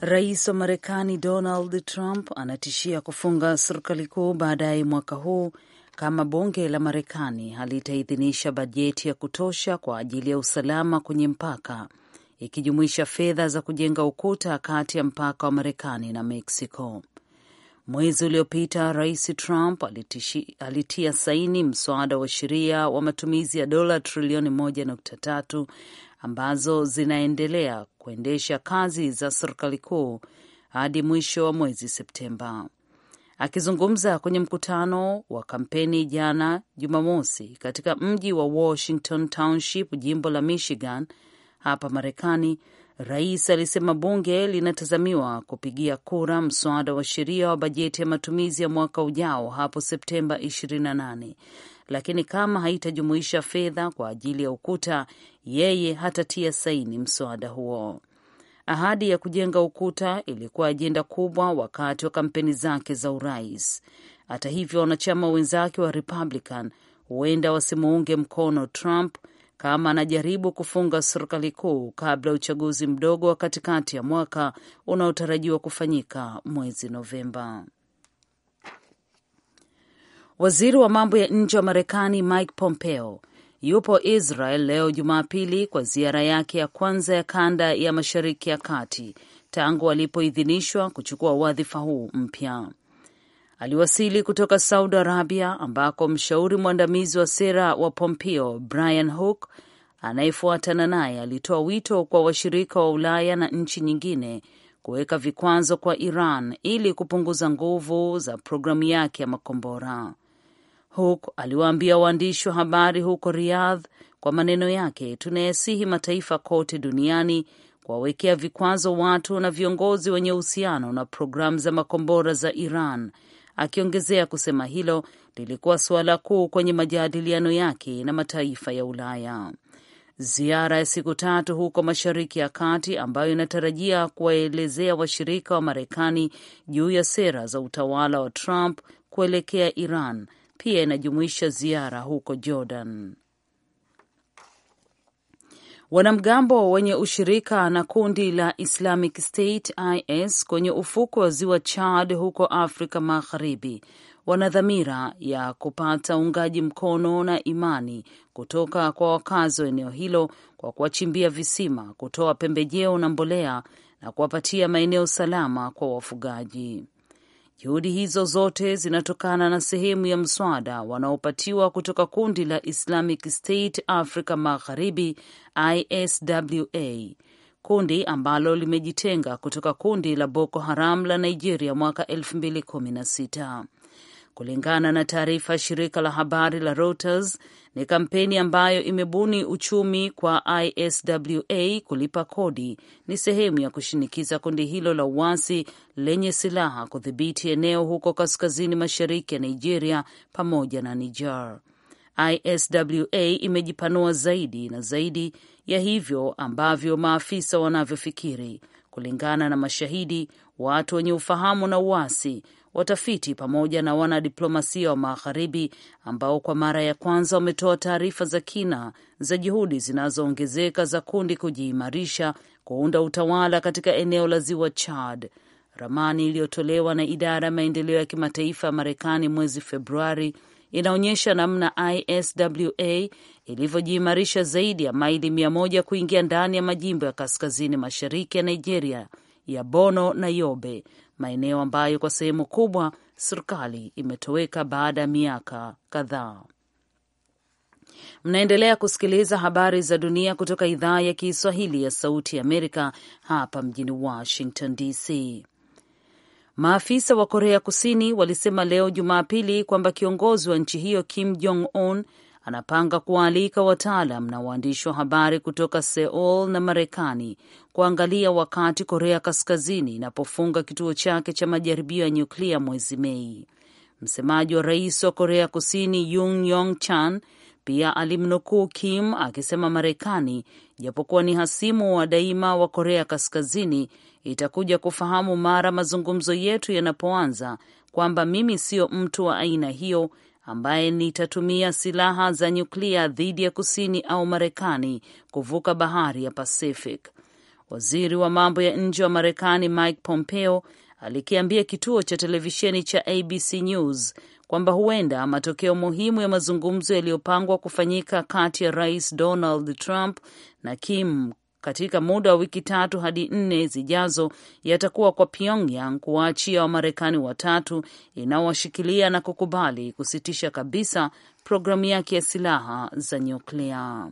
Rais wa Marekani Donald Trump anatishia kufunga serikali kuu baadaye mwaka huu kama bunge la Marekani halitaidhinisha bajeti ya kutosha kwa ajili ya usalama kwenye mpaka, ikijumuisha fedha za kujenga ukuta kati ya mpaka wa Marekani na Meksiko. Mwezi uliopita Rais Trump alitishi, alitia saini mswada wa sheria wa matumizi ya dola trilioni 1.3 ambazo zinaendelea kuendesha kazi za serikali kuu hadi mwisho wa mwezi Septemba. Akizungumza kwenye mkutano wa kampeni jana Jumamosi katika mji wa Washington Township, jimbo la Michigan hapa Marekani, Rais alisema bunge linatazamiwa kupigia kura mswada wa sheria wa bajeti ya matumizi ya mwaka ujao hapo Septemba 28, lakini kama haitajumuisha fedha kwa ajili ya ukuta, yeye hatatia saini mswada huo. Ahadi ya kujenga ukuta ilikuwa ajenda kubwa wakati wa kampeni zake za urais. Hata hivyo, wanachama wenzake wa Republican huenda wasimuunge mkono Trump kama anajaribu kufunga serikali kuu kabla ya uchaguzi mdogo wa katikati ya mwaka unaotarajiwa kufanyika mwezi Novemba. Waziri wa mambo ya nje wa Marekani Mike Pompeo yupo Israel leo Jumapili kwa ziara yake ya kwanza ya kanda ya Mashariki ya Kati tangu alipoidhinishwa kuchukua wadhifa huu mpya aliwasili kutoka Saudi Arabia ambako mshauri mwandamizi wa sera wa Pompeo Brian Hook anayefuatana naye alitoa wito kwa washirika wa Ulaya na nchi nyingine kuweka vikwazo kwa Iran ili kupunguza nguvu za programu yake ya makombora. Hook aliwaambia waandishi wa habari huko Riyadh, kwa maneno yake, tunayasihi mataifa kote duniani kuwawekea vikwazo watu na viongozi wenye uhusiano na programu za makombora za Iran akiongezea kusema hilo lilikuwa suala kuu kwenye majadiliano yake na mataifa ya Ulaya. Ziara ya siku tatu huko Mashariki ya Kati ambayo inatarajia kuwaelezea washirika wa, wa Marekani juu ya sera za utawala wa Trump kuelekea Iran pia inajumuisha ziara huko Jordan. Wanamgambo wenye ushirika na kundi la Islamic State IS kwenye ufuko wa ziwa Chad huko Afrika Magharibi wana dhamira ya kupata uungaji mkono na imani kutoka kwa wakazi wa eneo hilo kwa kuwachimbia visima, kutoa pembejeo na mbolea na kuwapatia maeneo salama kwa wafugaji. Juhudi hizo zote zinatokana na sehemu ya mswada wanaopatiwa kutoka kundi la Islamic State Africa Magharibi ISWA, kundi ambalo limejitenga kutoka kundi la Boko Haram la Nigeria mwaka 2016. Kulingana na taarifa ya shirika la habari la Reuters, ni kampeni ambayo imebuni uchumi kwa ISWA kulipa kodi ni sehemu ya kushinikiza kundi hilo la uasi lenye silaha kudhibiti eneo huko kaskazini mashariki ya Nigeria pamoja na Niger. ISWA imejipanua zaidi na zaidi ya hivyo ambavyo maafisa wanavyofikiri, kulingana na mashahidi, watu wenye ufahamu na uasi watafiti pamoja na wanadiplomasia wa Magharibi ambao kwa mara ya kwanza wametoa taarifa za kina za juhudi zinazoongezeka za kundi kujiimarisha kuunda utawala katika eneo la ziwa Chad. Ramani iliyotolewa na idara ya maendeleo ya kimataifa ya Marekani mwezi Februari inaonyesha namna ISWA ilivyojiimarisha zaidi ya maili mia moja kuingia ndani ya majimbo ya kaskazini mashariki ya Nigeria ya bono na Yobe maeneo ambayo kwa sehemu kubwa serikali imetoweka baada ya miaka kadhaa. Mnaendelea kusikiliza habari za dunia kutoka idhaa ya Kiswahili ya Sauti ya Amerika hapa mjini Washington DC. Maafisa wa Korea Kusini walisema leo Jumapili kwamba kiongozi wa nchi hiyo Kim Jong Un anapanga kuwaalika wataalam na waandishi wa habari kutoka Seoul na Marekani kuangalia wakati Korea Kaskazini inapofunga kituo chake cha majaribio ya nyuklia mwezi Mei. Msemaji wa rais wa Korea Kusini Yung Yong Chan pia alimnukuu Kim akisema Marekani, japokuwa ni hasimu wa daima wa Korea Kaskazini, itakuja kufahamu mara mazungumzo yetu yanapoanza kwamba mimi sio mtu wa aina hiyo ambaye nitatumia silaha za nyuklia dhidi ya Kusini au Marekani kuvuka bahari ya Pacific. Waziri wa mambo ya nje wa Marekani Mike Pompeo alikiambia kituo cha televisheni cha ABC News kwamba huenda matokeo muhimu ya mazungumzo yaliyopangwa kufanyika kati ya Rais Donald Trump na Kim katika muda wa wiki tatu hadi nne zijazo yatakuwa kwa Pyongyang kuwaachia Wamarekani watatu inaowashikilia na kukubali kusitisha kabisa programu yake ya silaha za nyuklia.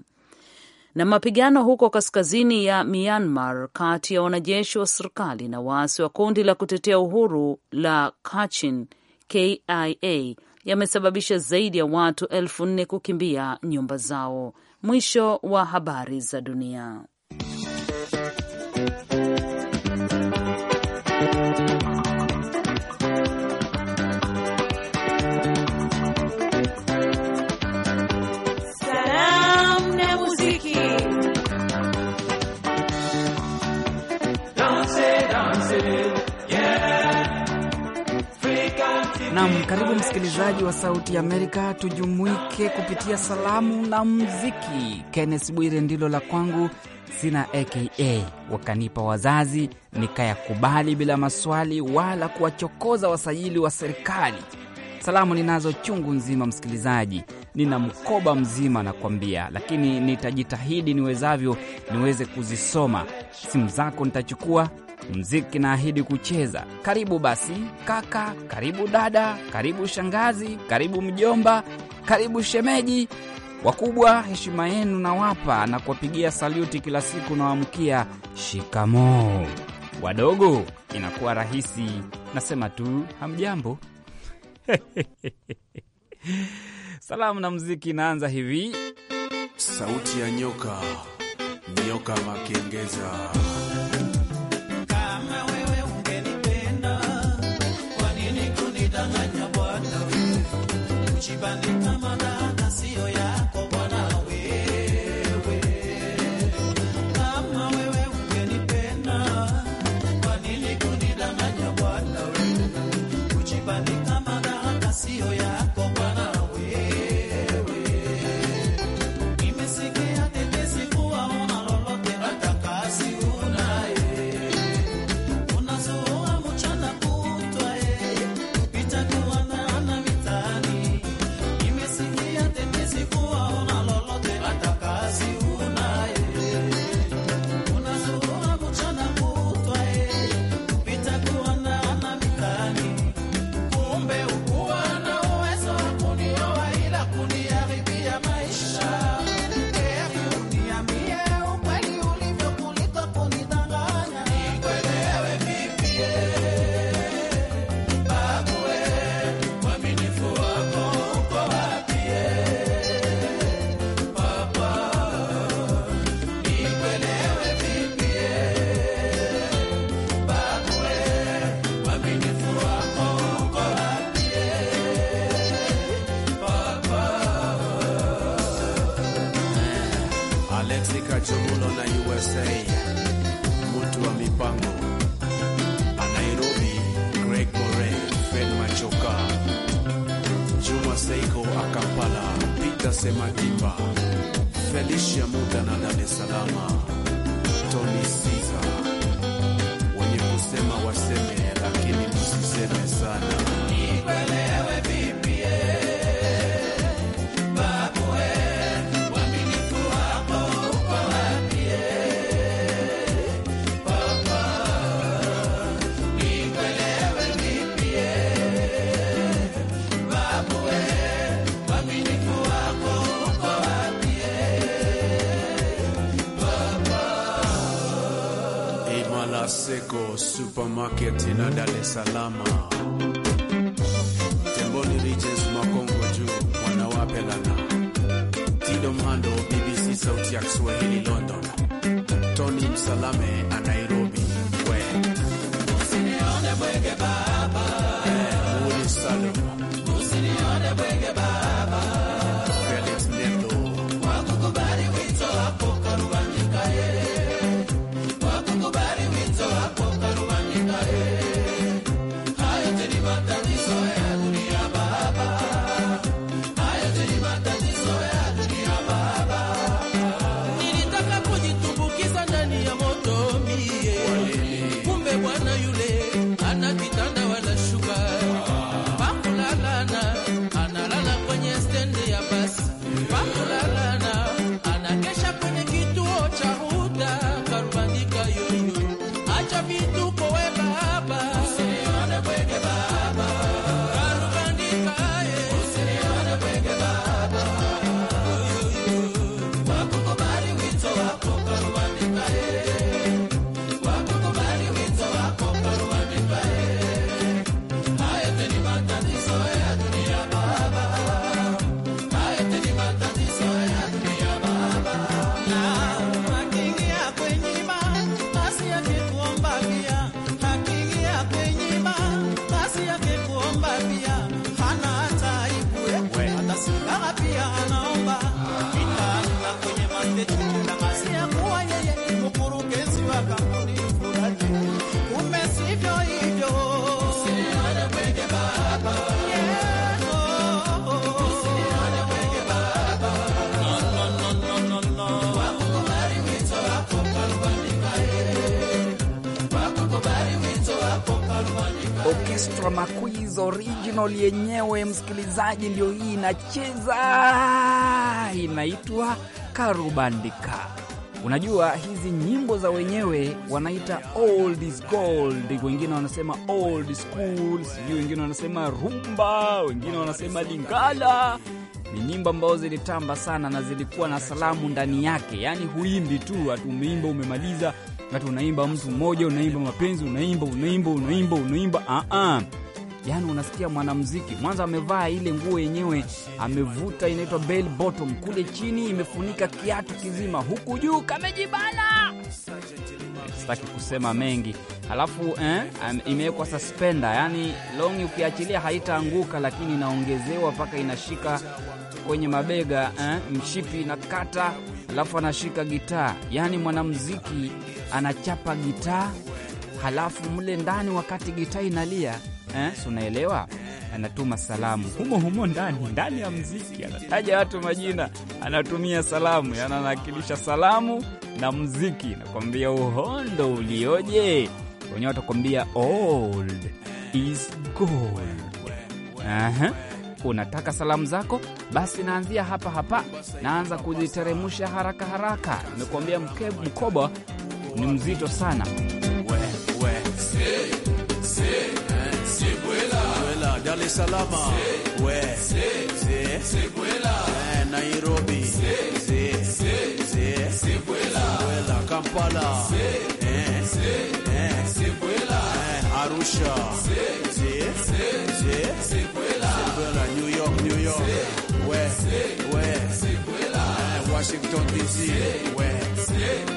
Na mapigano huko kaskazini ya Myanmar kati ya wanajeshi wa serikali na waasi wa kundi la kutetea uhuru la Kachin KIA yamesababisha zaidi ya watu elfu nne kukimbia nyumba zao. Mwisho wa habari za dunia. Nam, karibu msikilizaji wa Sauti ya Amerika, tujumuike kupitia salamu na muziki. Kenneth Bwire ndilo la kwangu, sina aka wakanipa wazazi, nikayakubali bila maswali wala kuwachokoza wasajili wa serikali. Salamu ninazo chungu nzima, msikilizaji, nina mkoba mzima nakwambia, lakini nitajitahidi niwezavyo niweze kuzisoma. Simu zako nitachukua mziki naahidi kucheza. Karibu basi kaka, karibu dada, karibu shangazi, karibu mjomba, karibu shemeji. Wakubwa heshima yenu nawapa na kuwapigia saluti kila siku, nawaamkia shikamoo. Wadogo inakuwa rahisi, nasema tu hamjambo. Salamu na mziki inaanza hivi. Sauti ya nyoka, nyoka makengeza Chibane kama Madiba, Felicia Muda na Dar es Salaam. Imala Seko supermarket na Dar es Salaam, Temboni riches Makongo juu mwanawapelana Tido Mhando, BBC sauti ya Kiswahili London, Tony Msalame a Nairobi we Rama Makwiz original yenyewe, msikilizaji, ndio hii inacheza, inaitwa Karubandika. Unajua hizi nyimbo za wenyewe wanaita old is gold, wengine wanasema old school, sijui wengine wanasema rumba, wengine wanasema lingala. Ni nyimbo ambazo zilitamba sana na zilikuwa na salamu ndani yake, yaani huimbi tu ati umeimba umemaliza, ngati unaimba mtu mmoja, unaimba mapenzi, unaimba unaimba unaimba unaimba ah ah Yaani unasikia mwanamuziki mwanza amevaa ile nguo yenyewe amevuta, inaitwa bell bottom, kule chini imefunika kiatu kizima, huku juu kamejibana. Sitaki kusema mengi. Alafu eh, imewekwa suspenda, yaani longi ukiachilia haitaanguka, lakini inaongezewa mpaka inashika kwenye mabega eh, mshipi na kata, alafu anashika gitaa. Yaani mwanamuziki anachapa gitaa, halafu mle ndani wakati gitaa inalia eh, unaelewa, anatuma salamu humo humo ndani ndani ya mziki, anataja watu majina, anatumia salamu, yaani anawakilisha salamu na mziki. Nakwambia uhondo ulioje! Wenyewe watakwambia old is gold. Aha. Unataka salamu zako? Basi naanzia hapa hapa, naanza kuziteremusha haraka haraka. Nimekuambia mkoba ni mzito sana Nairobi, si, si, si. Washington DC, we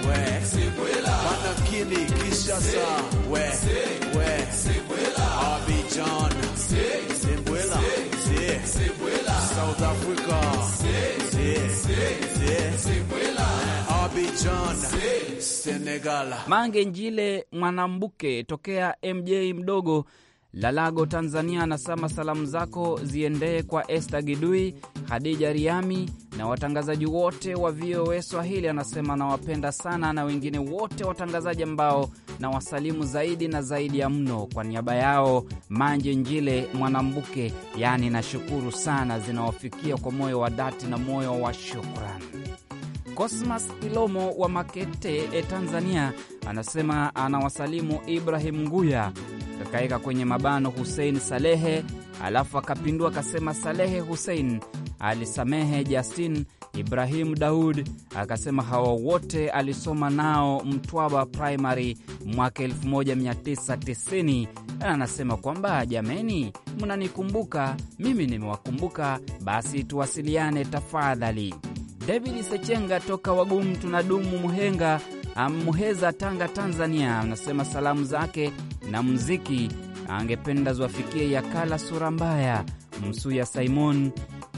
we we we Abidjan, South Africa, Senegal. Mange Njile Mwanambuke tokea MJ mdogo Lalago Tanzania anasema salamu zako ziendee kwa Esther Gidui, hadija Riami na watangazaji wote wa VOA Swahili. Anasema nawapenda sana, na wengine wote watangazaji ambao na wasalimu zaidi na zaidi ya mno. Kwa niaba yao Manje Njile Mwanambuke, yaani nashukuru sana, zinawafikia kwa moyo wa dhati na moyo wa shukrani. Cosmas Ilomo wa Makete, e Tanzania anasema anawasalimu Ibrahim Nguya kakaweka kwenye mabano Hussein Salehe, alafu akapindua akasema Salehe Hussein alisamehe Justin Ibrahimu Daud akasema hawa wote alisoma nao Mtwaba Primary mwaka 1990 na anasema kwamba jameni, mnanikumbuka mimi, nimewakumbuka basi tuwasiliane tafadhali. David Sechenga toka Wagumu tunadumu Muhenga Amheza, Tanga, Tanzania, anasema salamu zake na mziki angependa ziwafikie Yakala sura mbaya, Msuya Simon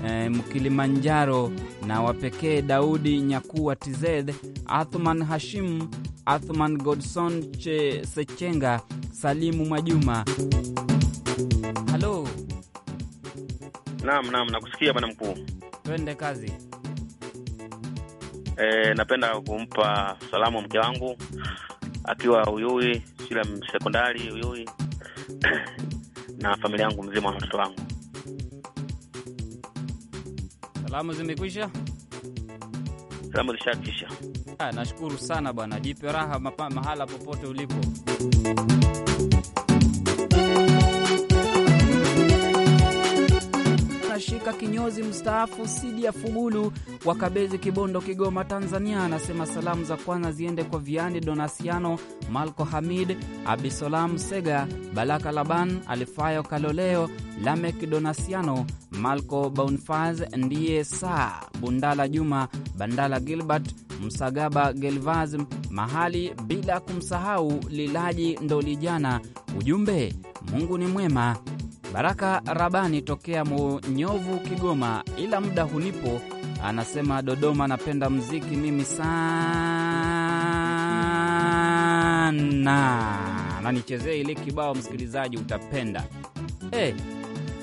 e, Mkilimanjaro na wapekee Daudi Nyakuwa TZ, Athman Hashim, Athman Godson che, Sechenga, Salimu Majuma. Halo, naam naam, nakusikia bwana mkuu, twende kazi. E, napenda kumpa salamu mke wangu akiwa Uyui shule ya sekondari Uyui na familia yangu mzima, watoto wangu. Salamu zimekwisha, salamu zishakisha. Ah, nashukuru sana bwana, jipe raha mahala popote ulipo. Mashika kinyozi mstaafu Sidi ya Fugulu wa Kabezi, Kibondo, Kigoma, Tanzania, anasema salamu za kwanza ziende kwa Viani Donasiano, Malko Hamid, Abisolam Sega, Balaka Laban, Alifayo Kaloleo, Lamek Donasiano, Malko Bonfaz, ndiye saa Bundala Juma, Bandala Gilbert, Msagaba Gelvaz Mahali, bila kumsahau Lilaji Ndolijana. Ujumbe, Mungu ni mwema Baraka Rabani tokea Munyovu, Kigoma, ila muda hunipo, anasema Dodoma, napenda mziki mimi sana, na nichezee ile kibao msikilizaji, utapenda hey. Eh,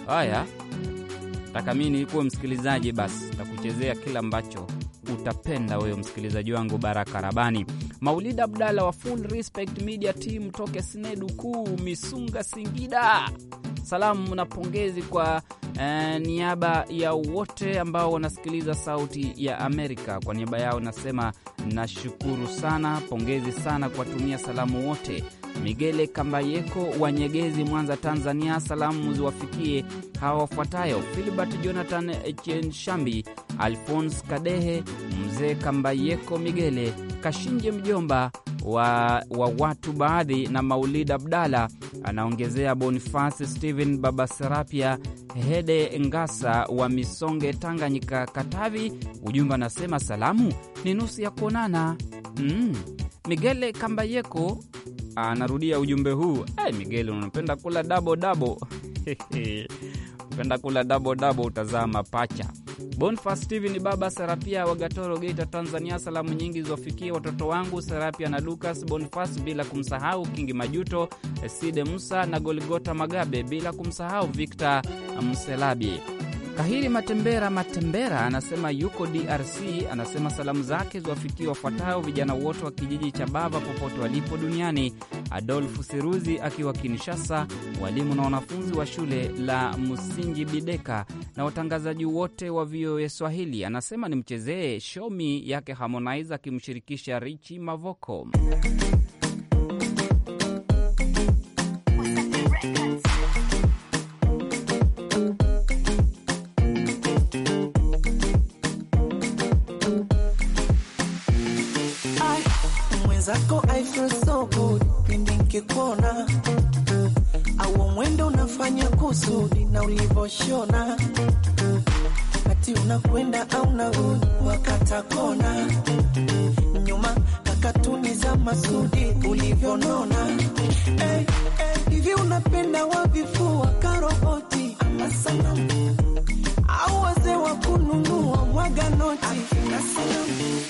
haya, taka mimi nikuwe msikilizaji basi, takuchezea kila ambacho utapenda wewe msikilizaji wangu Baraka Rabani. Maulid Abdalla wa Full Respect Media Team toke Sinedu Kuu, Misunga, Singida salamu na pongezi kwa eh, niaba ya wote ambao wanasikiliza Sauti ya Amerika. Kwa niaba yao nasema nashukuru sana, pongezi sana kuwatumia salamu wote. Migele Kambayeko wa Nyegezi, Mwanza, Tanzania, salamu ziwafikie hawa wafuatayo: Filibert Jonathan Chenshambi, Alfons Kadehe, Mzee Kambayeko, Migele Kashinje, mjomba wa, wa watu baadhi na Maulid abdala anaongezea Bonifasi Stephen Babaserapia Hede Ngasa wa Misonge, Tanganyika, Katavi. Ujumbe anasema salamu ni nusu ya kuonana. Mm. Migele Kambayeko anarudia ujumbe huu. Hey, eh, Migele unapenda kula dabo dabo. Unapenda kula dabo dabo, utazaa mapacha Bonifas Steven, baba Serapia wa Gatoro, Geita, Tanzania. Salamu nyingi ziwafikie watoto wangu Serapia na Lukas Bonifas, bila kumsahau Kingi Majuto, Side Musa na Goligota Magabe, bila kumsahau Victor Mselabi. Kahiri Matembera Matembera anasema yuko DRC. Anasema salamu zake ziwafikie wafuatao vijana wote wa kijiji cha Bava popote walipo duniani: Adolfu Siruzi akiwa Kinshasa, walimu na wanafunzi wa shule la msingi Bideka na watangazaji wote wa VOA Swahili. Anasema nimchezee shomi yake Harmonize akimshirikisha Richi Mavoko. ukikona au mwendo unafanya kusudi na ulivyoshona kati unakwenda au narudi wakata kona nyuma kakatuni za masudi ulivyonona hey, eh, eh, hey, hivi unapenda wavifua karoboti ama sanamu au wazee wa kununua mwaga noti na sanamu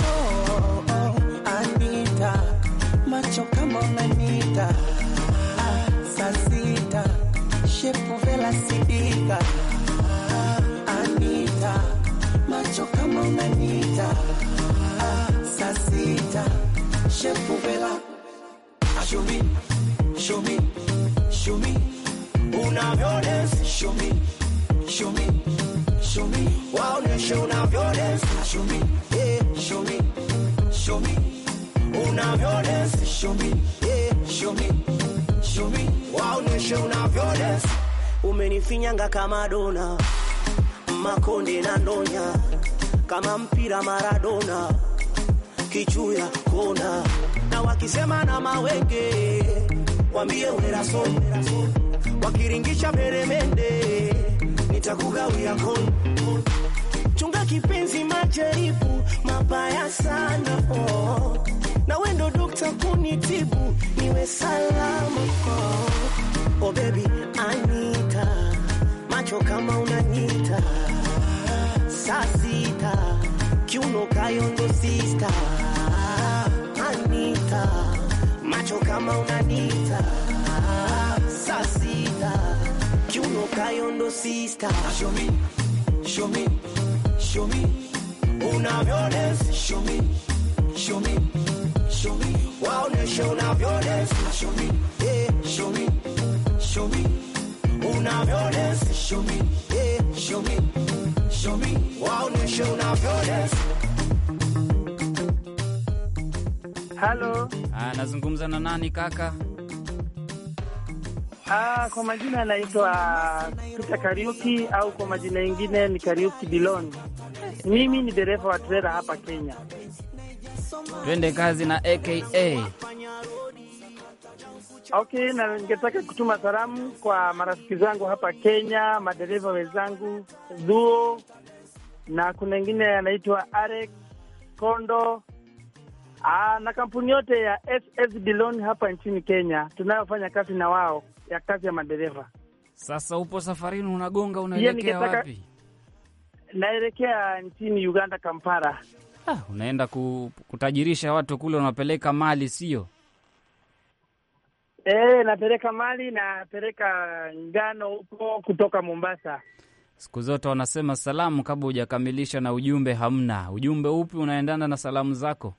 kunifinyanga kama dona, makonde na ndonya, kama mpira Maradona, kichuya kona, na wakisema na mawenge, wambie uneraso, wakiringisha peremende, nitakugawia kona. Chunga kipenzi, majaribu mabaya sana, oh. Na wendo dokta kunitibu niwe salama, oh. Oh baby, I need kama unaniita saa sita kiuno kayondo sista anita macho kama unaniita saa sita kiuno kayondo sista show me show me show me unavyones show me show me show me waoneshe unavyones eh, show me show me show me Halo, ah, na nani kaka? Ah, kwa majina anaitwa Peter Kariuki au kwa majina mengine ni Kariuki Bilon. Mimi ni dereva wa trela hapa Kenya. Twende kazi na aka Okay, na ningetaka kutuma salamu kwa marafiki zangu hapa Kenya, madereva wenzangu Zuo, na kuna wengine anaitwa Arex Kondo. Aa, ah, na kampuni yote ya SS Loan hapa nchini Kenya tunayofanya kazi na wao ya kazi ya madereva. Sasa upo safarini, unagonga, unaelekea wapi? Naelekea nchini Uganda, Kampala. Ah, unaenda ku, kutajirisha watu kule, unapeleka mali sio? E, napeleka mali, napeleka ngano huko kutoka Mombasa. Siku zote wanasema salamu kabla hujakamilisha na ujumbe hamna. Ujumbe upi unaendana na salamu zako?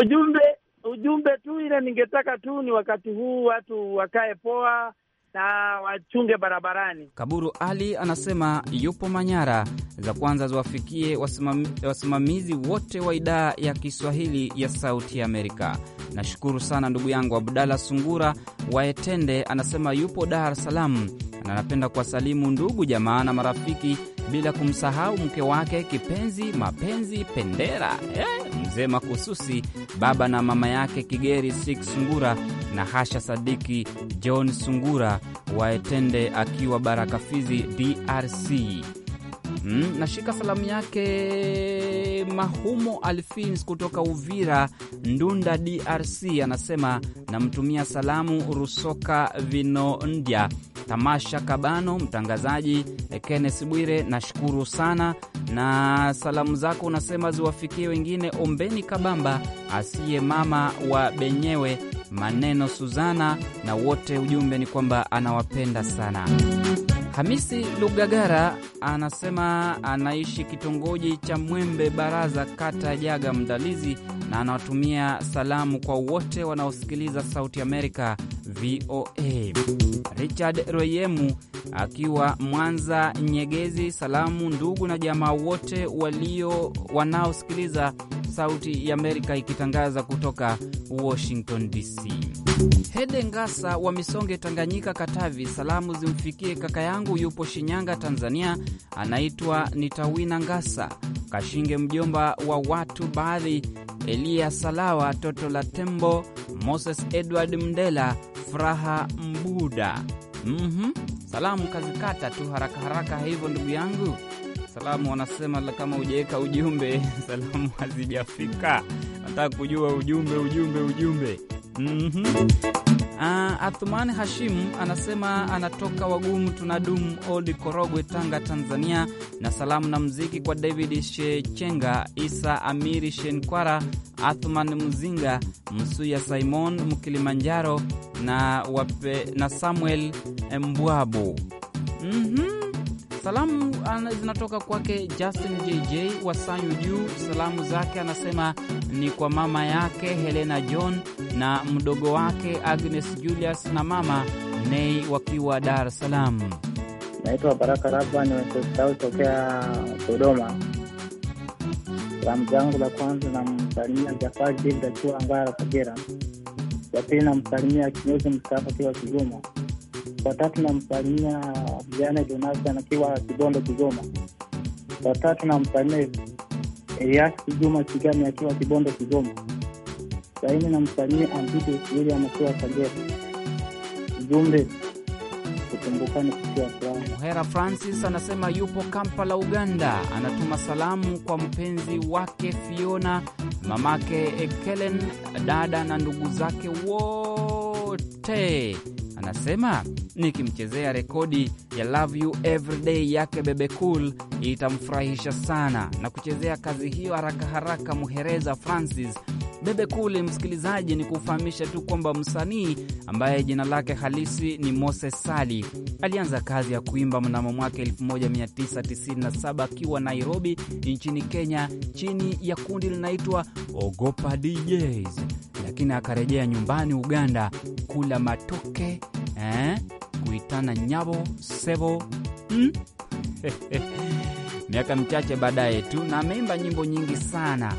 Ujumbe ujumbe tu, ile ningetaka tu ni wakati huu watu wakae poa na wachunge barabarani. Kaburu Ali anasema yupo Manyara, za kwanza ziwafikie wasimamizi wote wa idhaa ya Kiswahili ya Sauti ya Amerika. Nashukuru sana ndugu yangu Abdala Sungura Waetende, anasema yupo Dar es Salaam na anapenda kuwasalimu ndugu jamaa na marafiki, bila kumsahau mke wake kipenzi mapenzi Pendera, eh, mzee Makususi, baba na mama yake Kigeri Sik Sungura na Hasha Sadiki John Sungura Waetende akiwa Baraka Fizi, DRC. Mm, nashika salamu yake Mahumo Alfins kutoka Uvira Ndunda, DRC, anasema namtumia salamu Rusoka Vinondya Tamasha Kabano, mtangazaji kennes Bwire, nashukuru sana na salamu zako unasema ziwafikie wengine, Ombeni Kabamba asiye mama wa Benyewe, maneno Suzana na wote. Ujumbe ni kwamba anawapenda sana. Hamisi Lugagara anasema anaishi kitongoji cha Mwembe Baraza, kata Jaga Mdalizi, na anawatumia salamu kwa wote wanaosikiliza Sauti Amerika VOA. Richard Royemu akiwa Mwanza Nyegezi, salamu ndugu na jamaa wote walio wanaosikiliza Sauti ya Amerika ikitangaza kutoka Washington DC. Hede Ngasa wa Misonge, Tanganyika, Katavi, salamu zimfikie kaka yangu yupo Shinyanga, Tanzania, anaitwa Nitawina Ngasa Kashinge, mjomba wa watu baadhi, Eliya Salawa, Toto la Tembo, Moses Edward Mndela, Furaha Mbuda. Mm -hmm. Salamu kazikata tu haraka haraka hivyo, ndugu yangu Salamu wanasema kama ujaweka ujumbe, salamu hazijafika. Nataka kujua ujumbe, ujumbe, ujumbe. mm -hmm. Uh, ah, athuman hashim anasema anatoka Wagumu tunadum Old Korogwe, Tanga, Tanzania, na salamu na mziki kwa David Shechenga, Isa Amiri Shenkwara, Athman Muzinga, Msuya Simon Mkilimanjaro na, wape, na Samuel Mbwabu. mm -hmm. Salamu zinatoka kwake Justin JJ wa Sanyu Juu. Salamu zake anasema ni kwa mama yake Helena John na mdogo wake Agnes Julius na mama Nei wakiwa Dar es Salaam. Naitwa Baraka Raba, nimesasau tokea Dodoma. Salamu zangu la kwanza namsalimia Jafari David akiwa Ngara Kagera, ya pili namsalimia kinyozi mstaafu akiwa Kigoma. Watatu namsalimia vijana Jonathan akiwa Kibondo Kigoma. Watatu namsalimia Elias Juma Kigami akiwa Kibondo Kigoma. Saini namsalimia Ambito William akiwa Kagera. Jumbe furaha. Muhera Francis anasema yupo Kampala, Uganda, anatuma salamu kwa mpenzi wake Fiona, mamake Ekelen, dada na ndugu zake wote Anasema nikimchezea rekodi ya Love You Everyday yake Bebe Cool itamfurahisha sana, na kuchezea kazi hiyo haraka haraka, Muhereza Francis Bebe Cool, msikilizaji, ni kufahamisha tu kwamba msanii ambaye jina lake halisi ni Moses Sali alianza kazi ya kuimba mnamo mwaka 1997 akiwa Nairobi nchini Kenya, chini ya kundi linaitwa Ogopa DJs, lakini akarejea nyumbani Uganda kula matoke eh, kuitana nyabo sebo hmm? miaka michache baadaye tu na ameimba nyimbo nyingi sana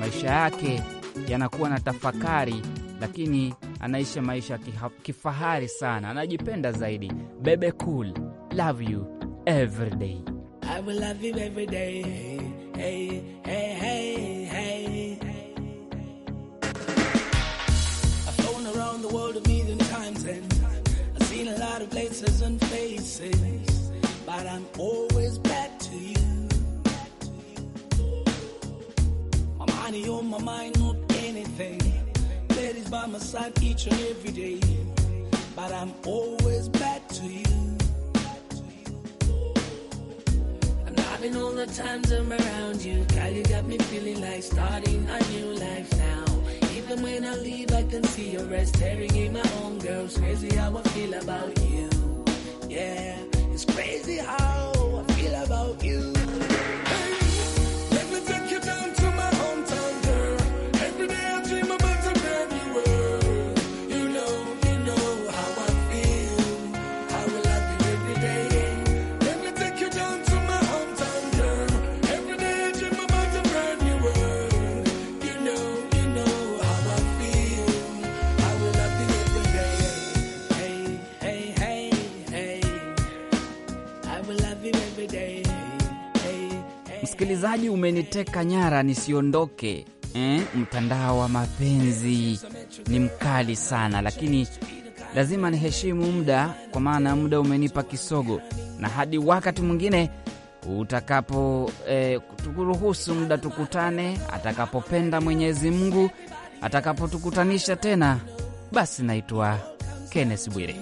maisha yake yanakuwa na tafakari, lakini anaisha maisha kifahari sana, anajipenda zaidi. Bebe Cool, love you every day. I will love you every day. Hey, hey, hey, hey. I've flown around the world a million times and I've seen a lot of places and faces, but I'm always back to you. My money on my mind, not anything. Ladies by my side each and every day. But I'm always back to you. I'm loving all the times I'm around you. Girl, you got me feeling like starting a new life now. Even when I leave, I can see your eyes staring in my own girls. Crazy how I feel about you. Yeah, it's crazy how I feel about you. msikilizaji, umeniteka nyara nisiondoke. Eh, mtandao wa mapenzi ni mkali sana, lakini lazima niheshimu muda, kwa maana muda umenipa kisogo, na hadi wakati mwingine utakapo eh, tukuruhusu muda tukutane, atakapopenda Mwenyezi Mungu, atakapotukutanisha tena. Basi naitwa Kenneth Bwire.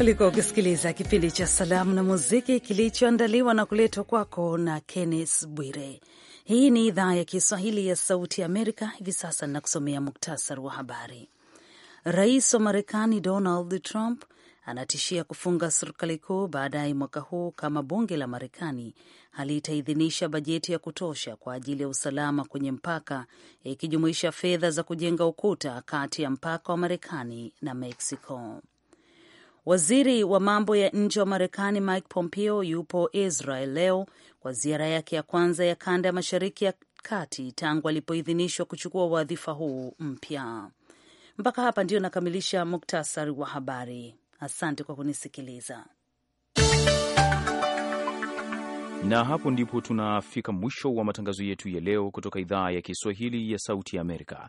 Ulikuwa ukisikiliza kipindi cha salamu na muziki kilichoandaliwa na kuletwa kwako na Kennes Bwire. Hii ni idhaa ya Kiswahili ya Sauti ya Amerika. Hivi sasa ninakusomea muktasari wa habari. Rais wa Marekani Donald Trump anatishia kufunga serikali kuu baadaye mwaka huu kama bunge la Marekani halitaidhinisha bajeti ya kutosha kwa ajili ya usalama kwenye mpaka, ikijumuisha fedha za kujenga ukuta kati ya mpaka wa Marekani na Mexico. Waziri wa mambo ya nje wa Marekani Mike Pompeo yupo Israel leo kwa ziara yake ya kwanza ya kanda ya Mashariki ya Kati tangu alipoidhinishwa kuchukua wadhifa huu mpya. Mpaka hapa ndio nakamilisha muktasari wa habari. Asante kwa kunisikiliza. Na hapo ndipo tunafika mwisho wa matangazo yetu ya leo kutoka idhaa ya Kiswahili ya Sauti ya Amerika.